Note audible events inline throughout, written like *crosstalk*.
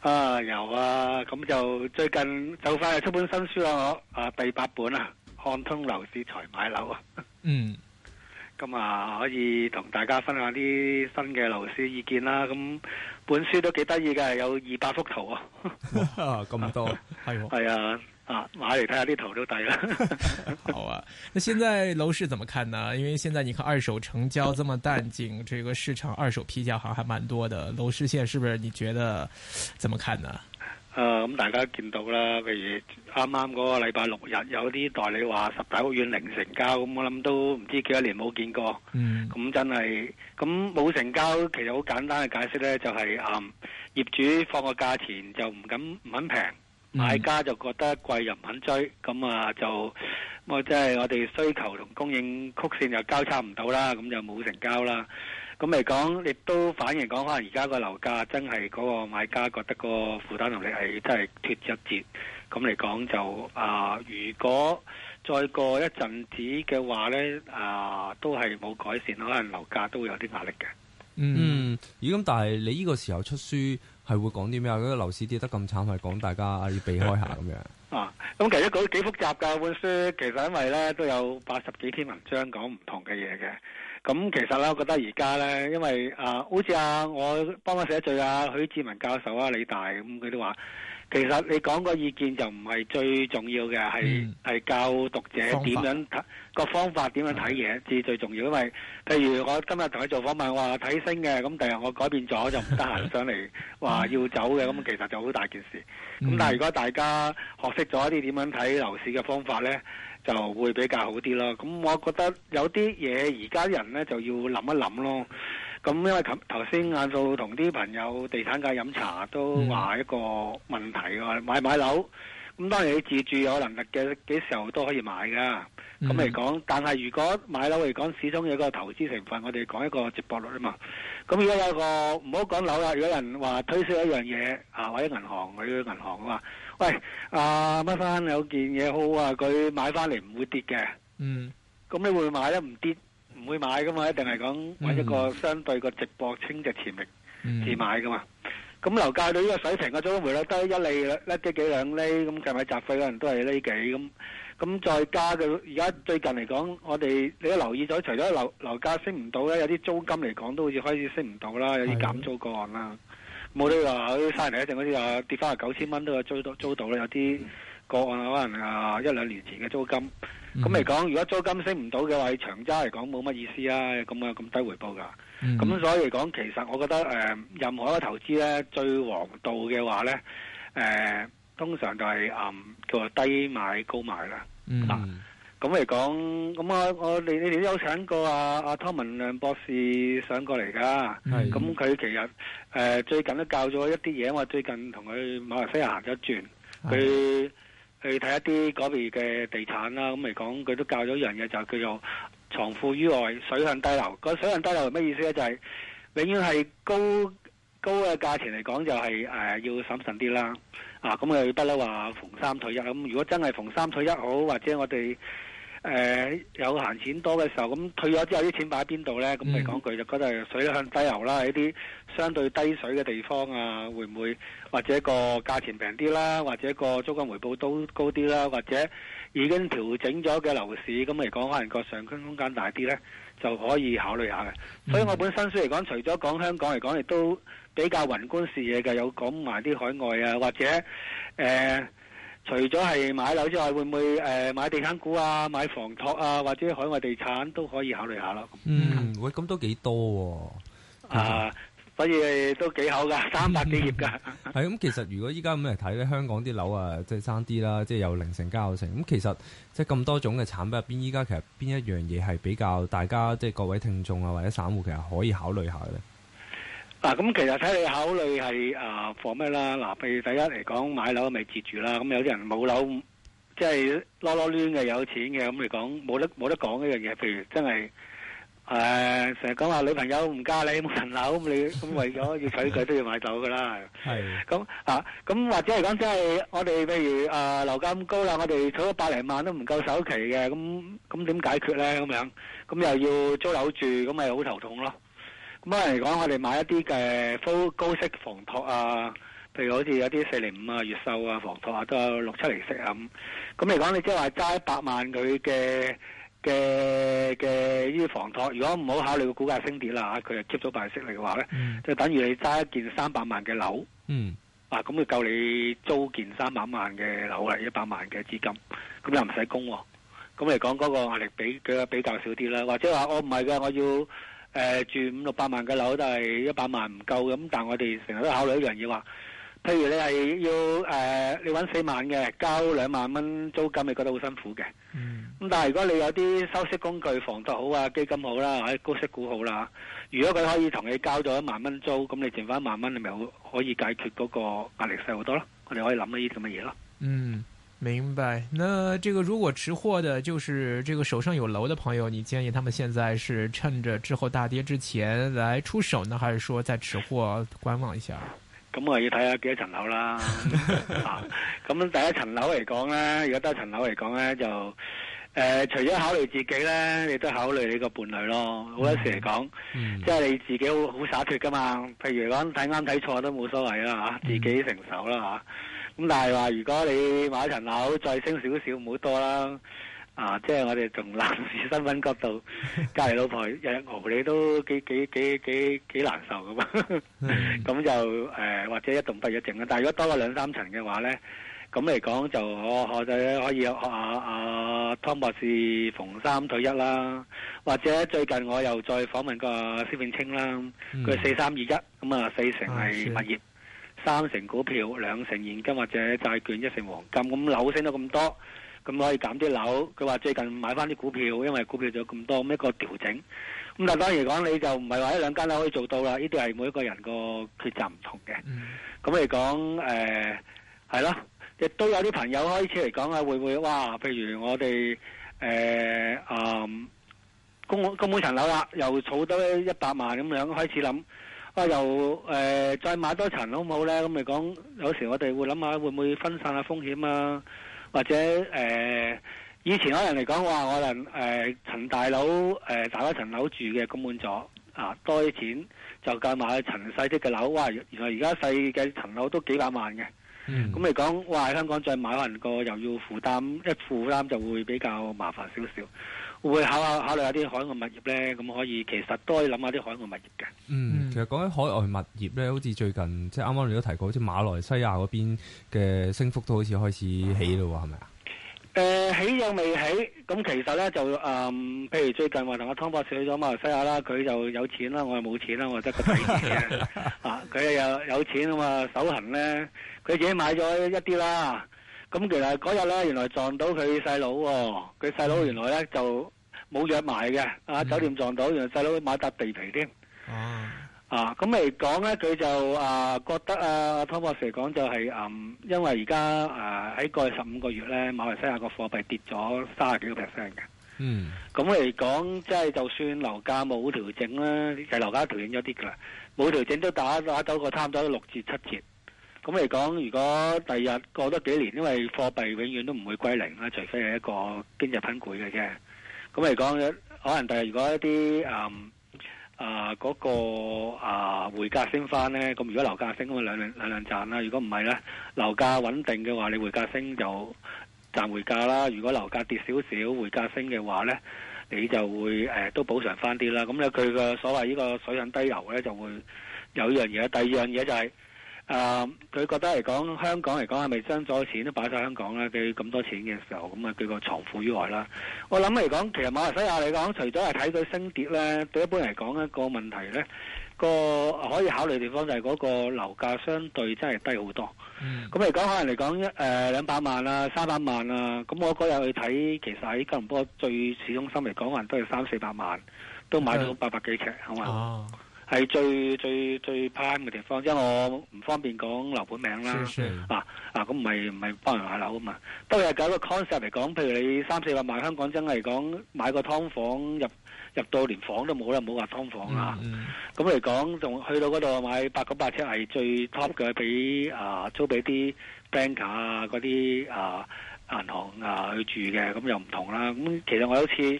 啊有啊，咁就最近就快出本新書啦，我啊第八本啊，看通樓市才買樓啊。嗯，咁啊、嗯、可以同大家分享啲新嘅樓市意見啦。咁本書都幾得意嘅，有二百幅圖啊，咁多係係啊。啊，買嚟睇下啲圖都抵啦。 *laughs* *laughs* 好啊，那現在樓市怎麼看呢？因為現在你看二手成交這麼淡靜，這個市場二手批價行還蠻多的，樓市線是不是你覺得怎麼看呢？誒、呃、咁、嗯、大家見到啦，譬如啱啱嗰個禮拜六日有啲代理話十大屋苑零成交，咁我諗都唔知幾多年冇見過。嗯，咁真係，咁冇、嗯、成交其實好簡單嘅解釋咧、就是，就係誒業主放個價錢就唔敢唔肯平。嗯、買家就覺得貴人唔肯追，咁啊就即係我哋需求同供應曲線又交叉唔到啦，咁就冇成交啦。咁嚟講，亦都反而講可能而家個樓價真係嗰個買家覺得個負擔能力係真係脫一截。咁嚟講就啊，如果再過一陣子嘅話呢，啊，都係冇改善，可能樓價都會有啲壓力嘅。嗯，而、嗯、咁但係你呢個時候出書係會講啲咩啊？嗰個樓市跌得咁慘，係講大家要避開下咁 *laughs* 樣。啊，咁其實嗰幾複雜㗎本書，其實因為咧都有八十幾篇文章講唔同嘅嘢嘅。咁其實咧，我覺得而家咧，因為啊，好似啊，我幫我寫一序啊，許志文教授啊，李大咁，佢、嗯、都話。其實你講個意見就唔係最重要嘅，係係、嗯、教讀者點樣睇個方法點樣睇嘢至最重要。嗯、因為譬如我今日同佢做訪問話睇升嘅，咁第日我改變咗就唔得閒上嚟話、嗯、要走嘅，咁其實就好大件事。咁、嗯、但係如果大家學識咗一啲點樣睇樓市嘅方法呢，就會比較好啲咯。咁我覺得有啲嘢而家人呢就要諗一諗咯。咁因為頭先晏晝同啲朋友地產界飲茶都話一個問題喎，買買樓，咁當然你自住有能力嘅幾時候都可以買噶。咁嚟講，但係如果買樓嚟講，始終有個投資成分。我哋講一個接駁率啊嘛。咁如果有一個，唔好講樓啦，如果有人話推銷一樣嘢啊，或者銀行佢去銀行話，喂啊，乜生有件嘢好啊，佢買翻嚟唔會跌嘅。嗯，咁你會唔會買咧？唔跌？唔會買㗎嘛？一定係講揾一個相對個直播清值潛力至買㗎嘛。咁樓價對呢個水平嘅租金回報率都一釐一幾幾兩釐，咁計埋雜費可能都係呢幾咁。咁再加嘅，而家最近嚟講，我哋你都留意咗，除咗樓樓價升唔到咧，有啲租金嚟講都好似開始升唔到啦，有啲減租個案啦。冇啲話好犀利，一陣嗰啲話跌翻嚟九千蚊都有租到租到啦，有啲個案可能啊一兩年前嘅租金。咁嚟講，如果租金升唔到嘅話，長揸嚟講冇乜意思啊！咁啊，咁低回報噶。咁所以嚟講，其實我覺得誒，任何一個投資咧，最王道嘅話咧，誒，通常就係誒叫做低買高賣啦。嗱，咁嚟講，咁我我你你哋都有請過阿阿湯文亮博士上過嚟噶。咁佢其實誒最近都教咗一啲嘢，我最近同佢馬來西亞行咗一轉，佢。去睇一啲嗰邊嘅地產啦，咁嚟講佢都教咗一樣嘢，就叫做藏富於外、水向低流。個水向低流係咩意思咧？就係、是、永遠係高高嘅價錢嚟講、就是，就、呃、係要審慎啲啦。啊，咁又不嬲話逢三退一。咁如果真係逢三退一好，或者我哋。誒、呃、有閒錢多嘅時候，咁退咗之後啲錢擺喺邊度呢？咁嚟講，佢就覺得水向低流啦，喺啲相對低水嘅地方啊，會唔會或者個價錢平啲啦，或者個租金回報都高啲啦，或者已經調整咗嘅樓市，咁嚟講可能個上升空間大啲呢，就可以考慮下嘅。所以我本新書嚟講，除咗講香港嚟講，亦都比較宏觀視野嘅，有講埋啲海外啊，或者誒。呃除咗係買樓之外，會唔會誒、呃、買地產股啊、買房託啊，或者海外地產都可以考慮下咯。嗯，喂，咁都幾多喎？啊，啊嗯、所以都幾好噶，三百幾頁噶。係、嗯、咁， *laughs* 其實如果依家咁嚟睇咧，香港啲樓啊，即係爭啲啦，即係有零成交易性。咁其實即係咁多種嘅產品入邊，依家其實邊一樣嘢係比較大家即係各位聽眾啊，或者散戶其實可以考慮下嘅咧。嗱，咁其實睇你考慮係啊，放咩啦？嗱，譬如第一嚟講買樓咪截住啦。咁有啲人冇樓，即係囉囉攣嘅有錢嘅咁嚟講，冇得冇得講呢樣嘢。譬如真係誒，成日講話女朋友唔嫁你冇層樓，你咁為咗要娶佢都要買樓噶啦。係。咁啊，咁或者嚟講即係我哋譬如啊樓價咁高啦，我哋儲咗百零萬都唔夠首期嘅，咁咁點解決咧？咁樣咁又要租樓住，咁咪好頭痛咯。咁啊嚟講，我哋買一啲嘅高息房託啊，譬如好似有啲四零五月啊、越秀啊房託啊，都有六七厘息啊咁。咁嚟講，你即係話揸一百萬佢嘅嘅嘅呢啲房託，如果唔好考慮個股價升跌啦吓，佢係 keep 咗八釐息嚟嘅話咧，嗯、就等於你揸一件三百萬嘅樓，嗯、啊咁佢夠你租件三百萬嘅樓啦，一百萬嘅資金，咁又唔使供。咁嚟講嗰個壓力比比較少啲啦。或者話我唔係嘅，我要。誒、呃、住五六百萬嘅樓都係一百萬唔夠咁，但係我哋成日都考慮一樣嘢話，譬如你係要誒、呃、你揾四萬嘅，交兩萬蚊租金，你覺得好辛苦嘅。嗯。咁但係如果你有啲收息工具，房託好啊，基金好啦，或者高息股好啦，如果佢可以同你交咗一萬蚊租，咁你剩翻一萬蚊，你咪可以解決嗰個壓力細好多咯。我哋可以諗呢啲咁嘅嘢咯。嗯。明白，那這個如果持貨的，就是這個手上有樓的朋友，你建議他們現在是趁着之後大跌之前來出手呢，還是說再持貨觀望一下？咁我要睇下幾多層樓啦。咁、 *laughs* 啊、第一層樓嚟講咧，如果第一層樓嚟講咧，就誒、呃，除咗考慮自己咧，亦都考慮你個伴侶咯。好多時嚟講，嗯、即係你自己好好灑脱㗎嘛。譬如講睇啱睇錯都冇所謂啦，吓、啊、自己承受啦，吓、嗯。啊咁但係話，如果你買一層樓再升少少唔好多啦，啊！即係我哋從男士身份角度，隔離老婆日日熬你都幾幾幾幾幾難受㗎嘛。咁就誒，或者一動不一靜啦。但係如果多咗兩三層嘅話咧，咁嚟講就我我就可以學下阿阿湯博士逢三退一啦，或者最近我又再訪問個施永青啦，佢四三二一，咁啊四成係物業。三成股票、兩成現金或者債券、一成黃金，咁樓升得咁多，咁可以減啲樓。佢話最近買返啲股票，因為股票就有咁多咁一個調整。咁但當然嚟講你就唔係話一兩間樓可以做到啦。呢啲係每一個人個抉擇唔同嘅。咁嚟講，誒、呃、係咯，亦都有啲朋友開始嚟講啊，會唔會哇？譬如我哋誒、呃、啊，供供滿層樓啦，又儲得一百萬咁樣開始諗。又、呃、再買多層好唔好咧？咁嚟講，有時我哋會諗下，會唔會分散下風險啊？或者、呃、以前可能嚟講話，可能誒層、呃、大樓，誒大家層樓住嘅咁滿咗啊，多啲錢就計買層細啲嘅樓。哇！原來而家細嘅層樓都幾百萬嘅。咁嚟講，哇！香港再買可能個又要負擔，一負擔就會比較麻煩少少。會考下考慮下啲海外物業咧，咁可以其實都可以諗下啲海外物業嘅。嗯，嗯，其實講起海外物業咧，好似最近即係啱啱你都提過，好似馬來西亞嗰邊嘅升幅都好似開始起咯，係咪啊？誒吧、呃，起又未起？咁其實咧就誒、嗯，譬如最近話同阿湯博士去咗馬來西亞啦，佢就有錢啦，我又冇錢啦，我得個睇嘅。 *laughs* 啊，佢又有，有錢啊嘛，手痕咧，佢自己買咗一啲啦。咁其實嗰日咧，原來撞到佢細佬喎，佢細佬原來咧就冇約埋嘅，喺酒店撞到，原來細佬買笪地皮添。哦，啊，咁嚟講咧，佢就啊覺得啊，湯博士講就係嗯，因為而家誒喺過去十五個月咧，馬來西亞個貨幣跌咗卅幾個 percent 嘅。嗯，咁嚟講，即係就算樓價冇調整啦，就係樓價調整咗啲噶啦，冇調整都打打到個差唔多六至七折。咁嚟講，如果第日過多幾年，因為貨幣永遠都唔會歸零啦，除非係一個經濟崩潰嘅啫。咁嚟講，可能第日如果一啲誒誒嗰個啊匯價升翻咧，咁如果樓價升，咁啊兩兩兩兩賺啦。如果唔係咧，樓價穩定嘅話，你匯價升就賺匯價啦。如果樓價跌少少，匯價升嘅話咧，你就會誒都補償翻啲啦。咁咧佢嘅所謂呢個水往低流咧，就會有一樣嘢。第二樣嘢就係。誒佢、啊、覺得嚟講，香港嚟講係咪將咗錢都擺晒香港咧？佢咁多錢嘅時候，咁啊佢個藏富於外啦。我諗嚟講，其實馬來西亞嚟講，除咗係睇佢升跌咧，對一般嚟講咧個問題咧，個可以考慮嘅地方就係嗰個樓價相對真係低好多。咁嚟、嗯、講，可能嚟講一誒兩百萬啊，三百萬啊，咁我嗰日去睇，其實喺吉隆坡最市中心嚟講，都係三四百萬，都買到八百幾呎，好嘛？係最最最 prime 嘅地方，因為我唔方便講樓盤名啦、啊，啊啊，咁唔係唔係幫人買樓啊嘛，都係搞個 concept 嚟講，譬如你三四百萬買香港真的，真係講買個劏房入入到連房都冇啦，唔好話劏房啦，咁嚟、嗯嗯、講仲去到嗰度買八九百尺係最 top 嘅，俾啊租俾啲 bank 啊嗰啲啊銀行啊去住嘅，咁又唔同啦。咁、啊、其實我有次。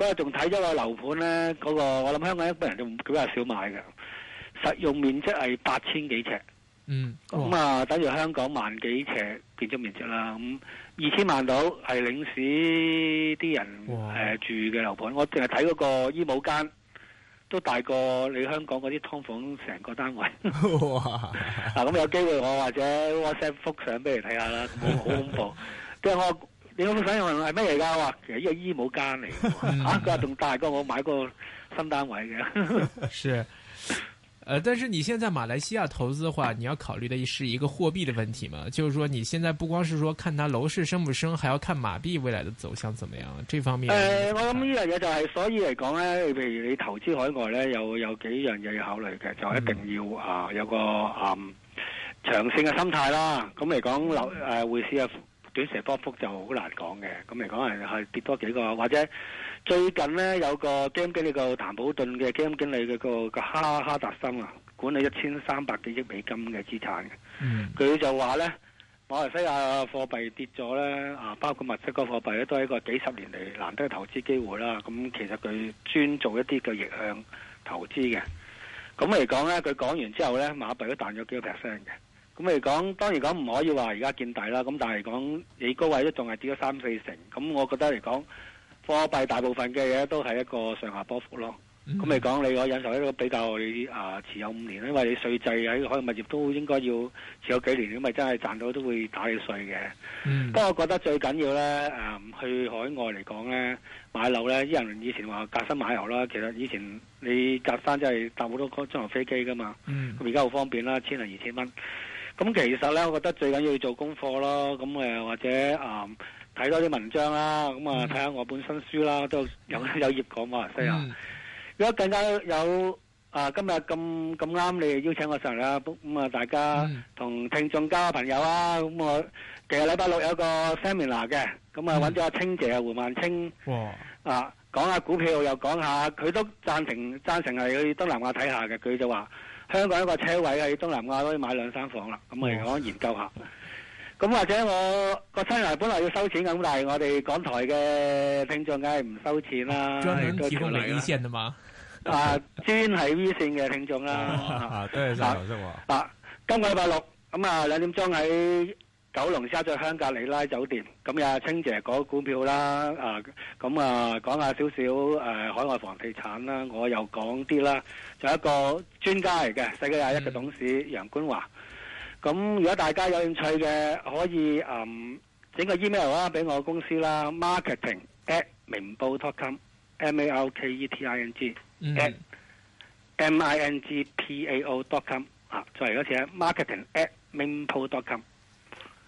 不過仲睇咗個樓盤咧，嗰、那個我諗香港一般人仲比較少買嘅，實用面積係八千幾尺，嗯，咁啊等於香港萬幾尺建築面積啦，咁二千萬度係領市啲人誒哇、呃、住嘅樓盤，我淨係睇嗰個衣帽間都大過你香港嗰啲劏房成個單位，嗱哇，咁 *laughs* 有機會我或者 WhatsApp 幅相俾你睇下啦，好恐怖，即係 *laughs* 我。你有冇細用？係咩嚟噶？其實依個姨母間嚟，吓佢話仲大過我買個新單位嘅。 *laughs* *laughs* 是，誒、呃，但是你現在馬來西亞投資嘅話，你要考慮嘅是一個貨幣嘅問題嘛？就是說，你現在不光是說看它樓市升不升，還要看馬幣未來嘅走向怎麼樣。呢方面誒、呃，我諗呢樣嘢就係、是，所以嚟講咧，譬如你投資海外咧，有有幾樣嘢要考慮嘅，就一定要啊、嗯呃、有個誒、呃、長線嘅心態啦。咁嚟講樓誒匯市啊。呃短時波幅就好難的講嘅，咁嚟講係係跌多幾個，或者最近呢有個基金經理個譚寶頓嘅基金經理嘅、那個個哈哈達森啊，管理一千三百幾億美金嘅資產嘅，佢、嗯、就話呢馬來西亞貨幣跌咗呢，啊，包括墨西哥個貨幣咧都係一個幾十年嚟難得嘅投資機會啦。咁其實佢專做一啲嘅逆向投資嘅，咁嚟講呢，佢講完之後呢，馬幣都彈咗幾個 percent 嘅。咁嚟講，當然講唔可以話而家見底啦。咁但係講你高位都仲係跌咗三四成。咁我覺得嚟講，貨幣大部分嘅嘢都係一個上下波幅咯。咁嚟、mm hmm. 講，你可以忍受一個比較啊、呃、持有五年因為你稅制喺海外物業都應該要持有幾年，咁咪真係賺到都會打你稅嘅。不過、mm hmm. 我覺得最緊要咧、呃、去海外嚟講咧買樓咧，啲人以前話隔山買樓啦，其實以前你隔山真係搭好多個中型飛機噶嘛。咁而家好方便啦，千零二千蚊。咁其實咧，我覺得最緊要做功課咯，咁誒或者啊睇多啲文章啦，咁啊睇下我本新書啦，都有有業講嘛，西啊！如果更加有啊，今日咁咁啱，你邀請我上嚟啦，咁啊大家同聽眾交下朋友啊，咁我其實禮拜六有個 seminar 嘅，咁啊揾咗阿清姐啊胡萬清啊講下股票又講下，佢都贊成贊成係去東南亞睇下嘅，佢就話。香港一個車位喺東南亞可以買兩三房啦，咁咪可以研究下。咁或者我個親人本來要收錢咁，但係我哋港台嘅聽眾梗係唔收錢啦。專係 V 線嘅嘛？啊，專係 V 線嘅聽眾啦。啊，多謝晒喎。啊，今個禮拜六咁啊兩點鐘喺九龍沙咗香格里拉酒店，咁又清姐嗰股票啦，啊咁啊，啊講一下少少，啊、海外房地產啦，我又講啲啦，就係，一個專家嚟嘅世界21嘅董事楊冠華。咁、嗯、如果大家有興趣嘅，可以整，嗯、個 email 啊俾我的公司啦，marketing at 明報 dot com，m a l k e t i n g，嗯、m i n g p a o dot com 啊，再嚟一次 marketing at 明報 dot com。